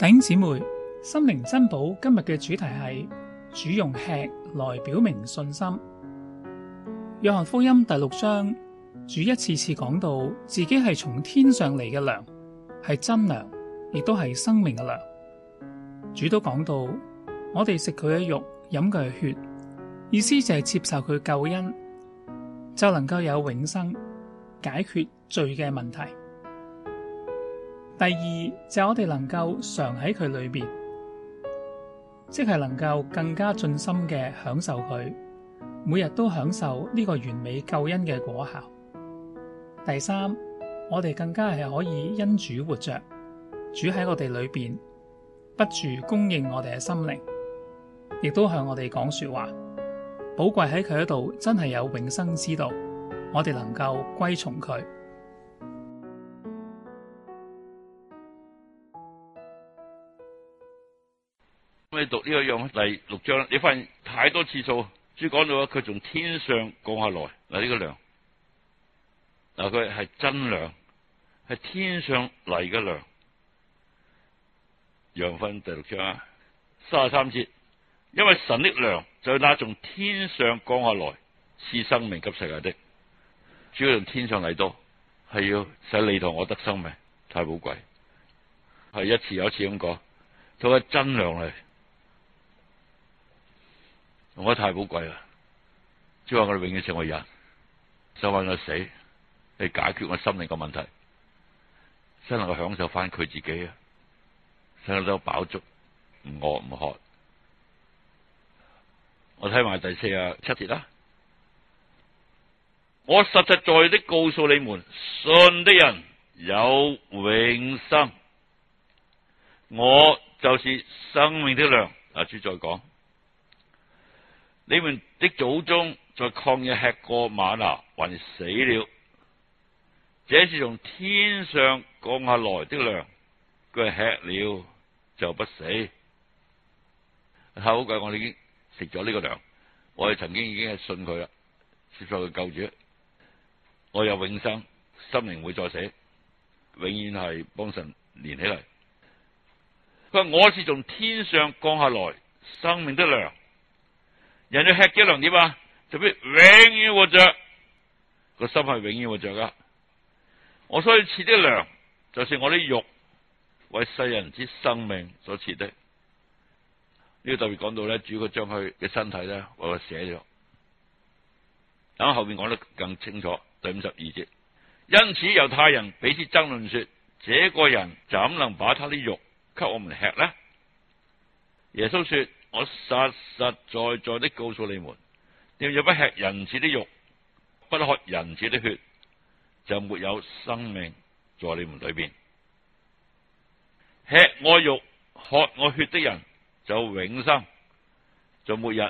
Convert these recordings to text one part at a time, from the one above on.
弟兄姊妹，心靈珍寶，今日嘅主題係主用吃來表明信心。約翰福音第六章，主一次次講到自己係從天上嚟嘅糧，係真糧，亦都係生命嘅糧。主都講到，我哋食佢嘅肉，飲佢嘅血，意思就係接受佢救恩，就能夠有永生，解決罪嘅問題。第二，就係我哋能夠常喺佢裏邊，即係能夠更加盡心嘅享受佢，每日都享受呢個完美救恩嘅果效。第三，我哋更加係可以因主活着，主喺我哋裏邊不住供應我哋嘅心靈，亦都向我哋講說話，寶貴喺佢嗰度真係有永生之道，我哋能夠歸從佢。咁你讀呢個樣嚟六章，你發現太多次數。主要講到佢從天上降下來，嗱，呢個糧，嗱，佢係真糧，係天上嚟嘅糧。約翰第六章啊，卅三節，因為神的糧，就係拿從天上降下來，賜生命給世界的。主要從天上嚟多，係要使你同我得生命，太寶貴。係一次又一次咁講，都係真糧嚟。我太寶貴啦，只係話我哋永遠成為人，想揾我死嚟解決我心靈個問題，先能夠享受翻佢自己啊，享受到飽足，唔餓唔渴。我睇埋第四十七節啦，我實實在在的告訴你們，信的人有永生，我就是生命的糧。阿主再講。你們的祖宗在曠野吃過嗎哪，還是死了。這是從天上降下來的糧，佢係吃了就不死。太好鬼，我哋已經食咗呢個糧，我哋曾經已經係信佢啦，接受佢救主，我有永生，生命會再死，永遠係幫神連起嚟。佢話我是從天上降下來生命的糧。人要吃啲糧點啊？就必永遠活着，個心係永遠活着噶。我所要賜啲糧，就算我啲肉為世人之生命所賜的。呢、這個特別講到咧，主個將佢嘅身體咧為我捨咗。等後邊講得更清楚，第五十二節。因此猶太人彼此爭論說：這個人怎能把他啲肉給我們吃呢？耶穌說。我實實在在的告訴你們，你們若不吃人子的肉，不喝人子的血，就沒有生命在你們裏面。吃我肉、喝我血的人，就永生。就末日，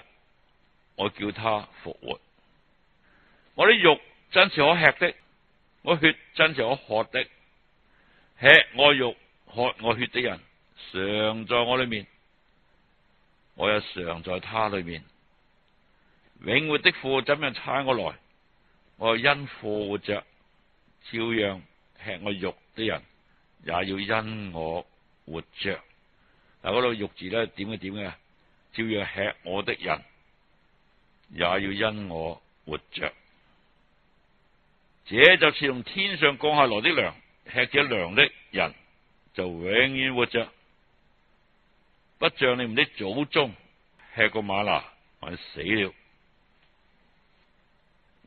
我叫他復活。我的肉真是我吃的，我血真是我喝的。吃我肉、喝我血的人，常在我裏面。我又常在他裏面，永活的父怎樣差我來，我因父活着，照樣吃我肉的人，也要因我活着。嗱，嗰個肉字咧，點嘅點嘅，照樣吃我的人，也要因我活着。這就是從天上降下來啲糧，吃咗糧的人就永遠活着。不像你們啲祖宗吃過嗎哪，還死了。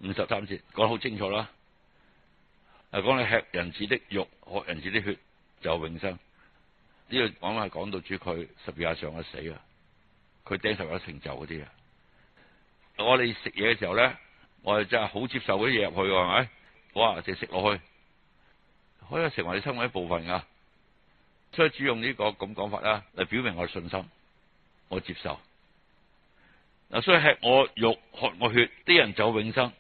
五十三節講得好清楚啦，啊，講你吃人子的肉，喝人子的血就永生。呢個講係講到主佢十字架上嘅死啊，佢釘十字架成就嗰啲啊。我哋食嘢嘅時候咧，我哋真係好接受嗰啲嘢入去係咪？哇，就食落去，可以成為你生活一部分噶。所以主用呢個咁講法啦，嚟表明我嘅信心，我接受。嗱，所以吃我肉、喝我血，啲人就永生。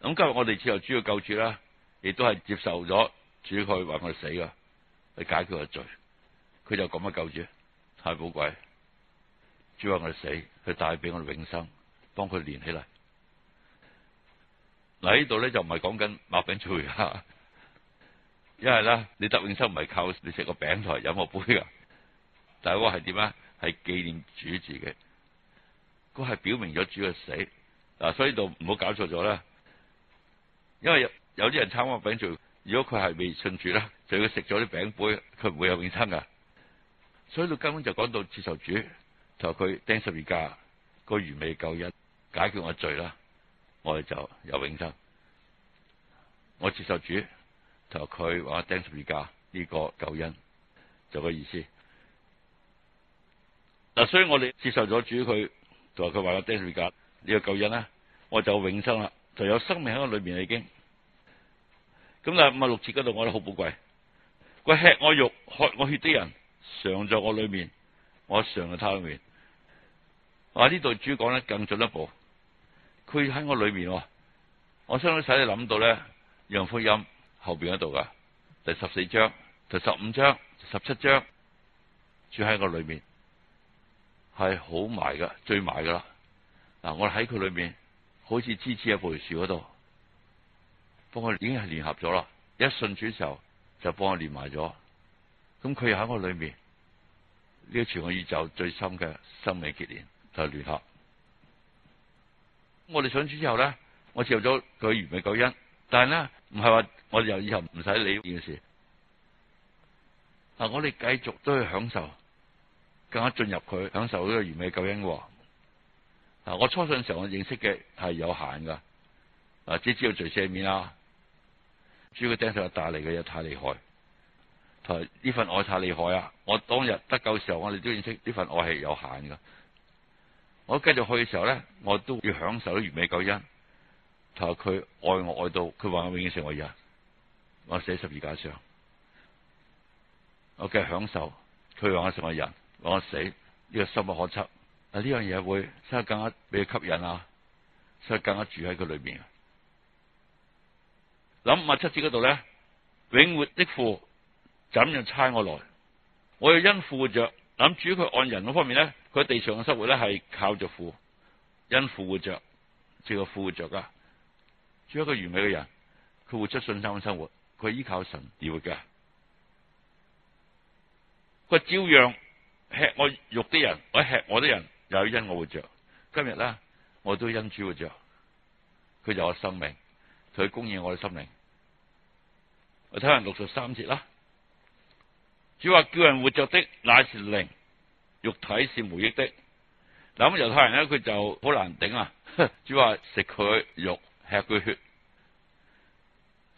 咁今日我哋之後主要救主啦，亦都係接受咗主佢話我哋死啊，去解決個罪。佢就咁嘅救主，太寶貴。主話我哋死，佢帶俾我哋永生，幫佢連起嚟。嗱，呢度咧就唔係講緊擘餅罪啊。因係啦，你得永生唔係靠你食個餅台飲個杯噶，但係嗰個係點啊？係紀念主自己，個係表明咗主嘅死嗱，所以就唔好搞錯咗啦。因為有有啲人參我餅就，如果佢係未信主啦，就要食咗啲餅杯，佢唔會有永生噶。所以佢根本就講到接受主，就佢釘十字架，那個魚尾救人，解決我的罪啦，我哋就有永生。我接受主。佢話佢話釘十字架呢個救恩就個意思。嗱，所以我哋接受咗主，佢同埋佢話個釘十字架呢個救恩咧，我就永生啦，就有生命喺我裏面啦已經。咁但係五、六節嗰度我都好寶貴，佢吃我肉、喝我血啲人，常在我裏面，我常在他裏面。話呢度主講咧更進一步，佢喺我裏面，我相當使你諗到咧，楊福音。後邊嗰度噶，第十四章、第十五章、第十七章，住喺我裏面係好埋噶，最埋噶啦。嗱，我喺佢裏面好似支持一棵樹嗰度，幫我已經係聯合咗啦。一順轉嘅時候就幫我連埋咗，咁佢又喺我裏面呢、這個全個宇宙最深嘅生命結連就聯合。我哋上主之後咧，我接受咗佢完美救恩，但係咧唔係話。我由以後唔使理呢件事。嗱，我哋繼續都去享受，更加進入佢享受呢個完美救恩。嗱，我初信嘅時候，我認識嘅係有限噶，啊，只知道罪赦免啦。主嘅頂替我大嚟嘅嘢太厲害，同呢份愛太厲害啊！我當日得救嘅時候，我哋都認識呢份愛係有限噶。我繼續去嘅時候咧，我都要享受到完美救恩。同埋佢愛我愛到，佢話我永遠成為人。我死十二家上，我嘅享受，佢話我成為人，我死呢、這個深不可測，啊，呢樣嘢會使佢更加俾佢吸引啊，使佢更加住喺佢裏邊啊。諗五七節嗰度咧，永活的父怎樣差我來？我又因父活着。諗主佢按人嗰方面咧，佢喺地上嘅生活咧係靠著父，因父活着，就係、是、父活着噶。做一個完美嘅人，佢活出信心嘅生活。佢依靠神而活噶，佢照樣吃我肉的人，我吃我的人，又因我活着。今日咧，我都因主活着，佢就我生命，佢供應我嘅生命。我睇下六十三節啦，主話叫人活着的乃是靈，肉體是無益的。嗱咁猶太人咧，佢就好難頂啊！主話食佢肉，吃佢血。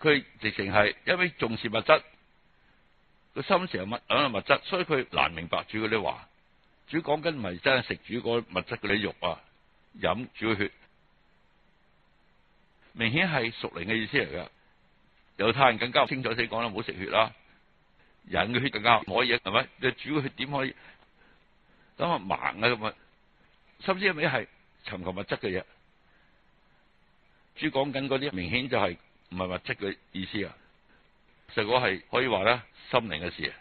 佢直情係因為重視物質，個心成日物揞物質，所以佢難明白主嗰啲話。主講緊唔係真係食主嗰啲物質啲肉啊，飲主血，明顯係屬靈嘅意思嚟噶。猶太人更加清楚啲講啦，唔好食血啦、啊。人嘅血更加唔可以，係咪？你主血點可以咁盲啊？咁啊，甚至一味係尋求物質嘅嘢。主講緊啲明顯就係、是。唔係物質嘅意思啊，實講係可以話咧心靈嘅事。啊。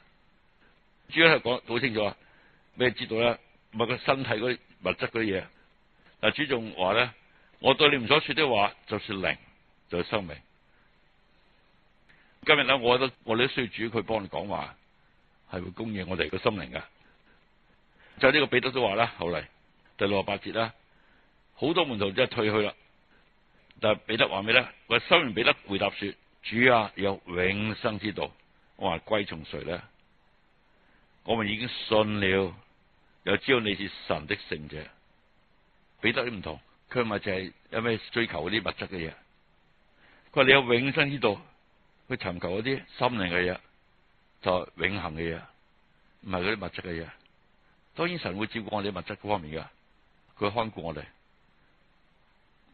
主要係講好清楚，啊，咩知道咧？唔係個身體嗰啲物質嗰啲嘢。嗱，主仲話咧，我對你們所說的話，就是靈，就係、是、生命。今日咧，我覺得我哋都需要主佢幫你講話，係會供應我哋個心靈噶。就呢個彼得都話啦，後嚟第六十八節啦，好多門徒即係退去啦。但彼得話咩咧？話西門彼得回答說：主啊，有永生之道。我話歸從誰咧？我們已經信了，又知道你是神的聖者。彼得啲唔同，佢咪就係有咩追求嗰啲物質嘅嘢。佢話你有永生之道，去尋求嗰啲心靈嘅嘢，就是、永恒嘅嘢，唔係嗰啲物質嘅嘢。當然神會照顧我哋物質嗰方面嘅，佢看顧我哋。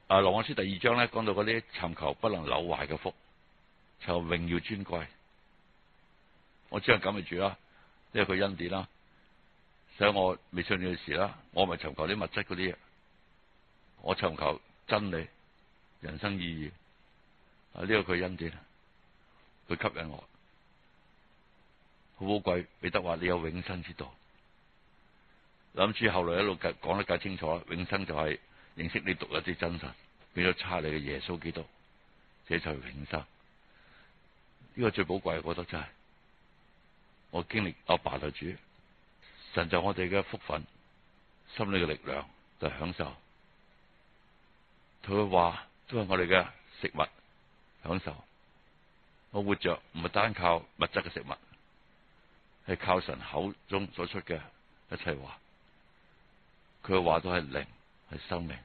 啊，羅馬書第二章咧，講到嗰啲尋求不能扭壞嘅福，就榮耀尊貴。我只係感咪住啦，呢個佢恩典啦，使我未信你嘅時啦，我咪尋尋求啲物質嗰啲嘢，我尋求真理、人生意義啊，呢個佢恩典，佢吸引我，好寶貴。彼得話你有永生之道，諗住後來一路講得更清楚，永生就係、是。認識你讀一啲真神，變咗差你嘅耶穌基督，就係永生。呢、這個最寶貴，嘅我覺得真係。我經歷阿爸對主，神就我哋嘅福分，心裏嘅力量就是，享受。佢嘅話都係我哋嘅食物，享受。我活着唔係單靠物質嘅食物，係靠神口中所出嘅一切話。佢嘅話都係靈，係生命。